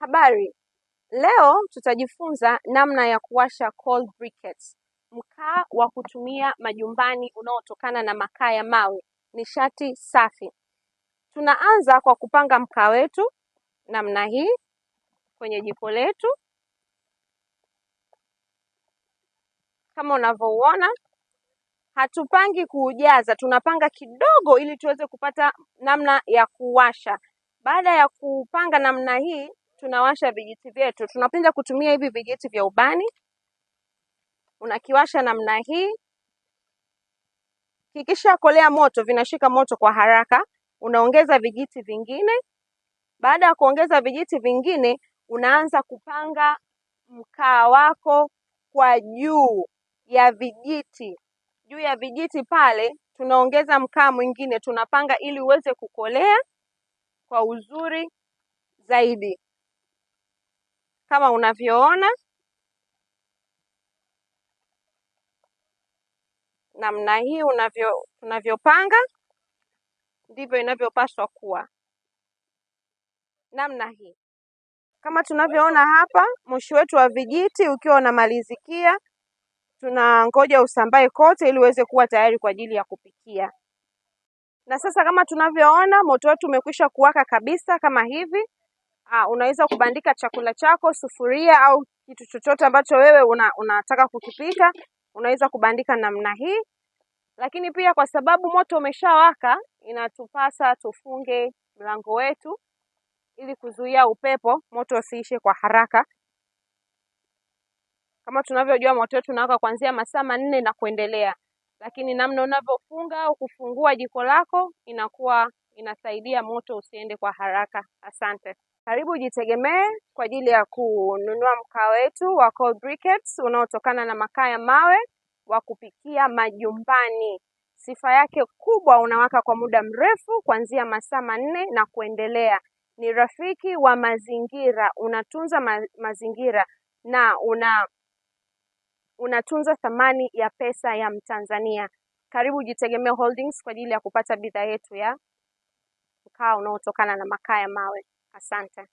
Habari, leo tutajifunza namna ya kuwasha coal briquettes, mkaa wa kutumia majumbani unaotokana na makaa ya mawe, nishati safi. Tunaanza kwa kupanga mkaa wetu namna hii kwenye jiko letu kama unavyouona. Hatupangi kuujaza, tunapanga kidogo ili tuweze kupata namna ya kuwasha. Baada ya kupanga namna hii tunawasha vijiti vyetu. Tunapenda kutumia hivi vijiti vya ubani, unakiwasha namna hii. Kikisha kolea moto, vinashika moto kwa haraka. Unaongeza vijiti vingine. Baada ya kuongeza vijiti vingine, unaanza kupanga mkaa wako kwa juu ya vijiti. Juu ya vijiti pale tunaongeza mkaa mwingine, tunapanga ili uweze kukolea kwa uzuri zaidi kama unavyoona namna hii unavyo unavyopanga ndivyo inavyopaswa kuwa namna hii. Kama tunavyoona hapa, moshi wetu wa vijiti ukiwa unamalizikia, tunangoja usambae kote ili uweze kuwa tayari kwa ajili ya kupikia. Na sasa kama tunavyoona, moto wetu umekwisha kuwaka kabisa kama hivi uh, unaweza kubandika chakula chako, sufuria au kitu chochote ambacho wewe una, unataka kukipika unaweza kubandika namna hii. Lakini pia kwa sababu moto umeshawaka, inatupasa tufunge mlango wetu ili kuzuia upepo, moto usiishe kwa haraka. Kama tunavyojua moto wetu unawaka kuanzia masaa manne na kuendelea, lakini namna unavyofunga au kufungua jiko lako inakuwa inasaidia moto usiende kwa haraka. Asante. Karibu Jitegemee kwa ajili ya kununua mkaa wetu wa cold briquettes unaotokana na makaa ya mawe wa kupikia majumbani. Sifa yake kubwa, unawaka kwa muda mrefu kuanzia masaa manne na kuendelea. Ni rafiki wa mazingira, unatunza ma mazingira na una unatunza thamani ya pesa ya Mtanzania. Karibu Jitegemee Holdings kwa ajili ya kupata bidhaa yetu ya mkaa unaotokana na makaa ya mawe. Asante.